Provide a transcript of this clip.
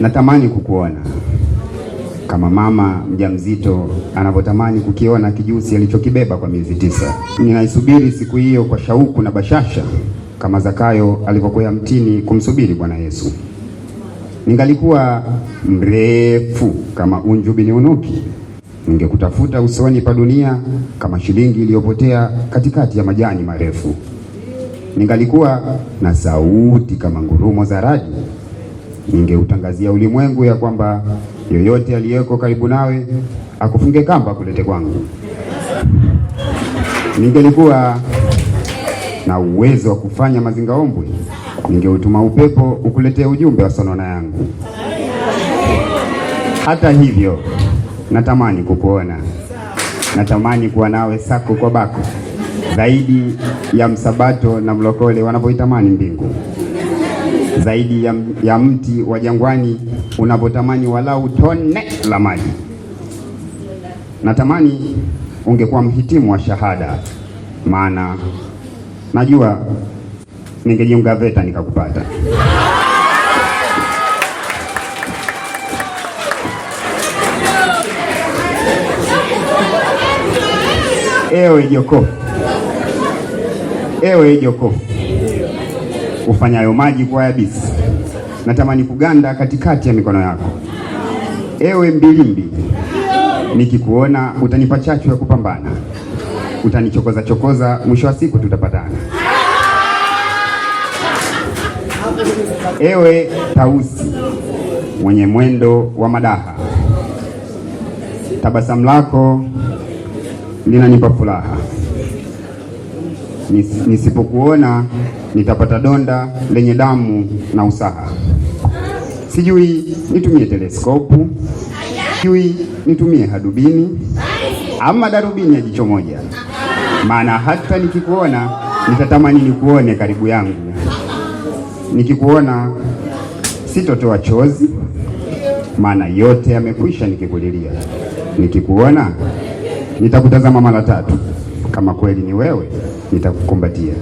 Natamani kukuona kama mama mjamzito anavyotamani kukiona kijusi alichokibeba kwa miezi tisa. Ninaisubiri siku hiyo kwa shauku na bashasha, kama Zakayo alivyokwea mtini kumsubiri Bwana Yesu. Ningalikuwa mrefu kama unju bini unuki, ningekutafuta usoni pa dunia kama shilingi iliyopotea katikati ya majani marefu. Ningalikuwa na sauti kama ngurumo za radi ningeutangazia ulimwengu ya kwamba yoyote aliyeko karibu nawe akufunge kamba kulete kwangu. Ningelikuwa na uwezo wa kufanya mazinga ombwe ningeutuma upepo ukuletee ujumbe wa sonona yangu. Hata hivyo, natamani kukuona, natamani kuwa nawe sako kwa bako, zaidi ya msabato na mlokole wanavyoitamani mbingu zaidi ya, ya mti wa jangwani unapotamani walau tone la maji. Natamani ungekuwa mhitimu wa shahada, maana najua ningejiunga VETA nikakupata. Ewe jokofu, ewe jokofu ufanyayo maji kuwa yabisi, natamani kuganda katikati ya mikono yako. Ewe mbilimbi, nikikuona utanipa chachu ya kupambana, utanichokoza chokoza, mwisho wa siku tutapatana. Ewe tausi mwenye mwendo wa madaha, tabasamu lako linanipa furaha, nisipokuona nitapata donda lenye damu na usaha. Sijui nitumie teleskopu, sijui nitumie hadubini ama darubini ya jicho moja, maana hata nikikuona nitatamani nikuone karibu yangu. Nikikuona sitotoa chozi, maana yote yamekwisha nikikulilia. Nikikuona nitakutazama mara tatu, kama kweli ni wewe nitakukumbatia.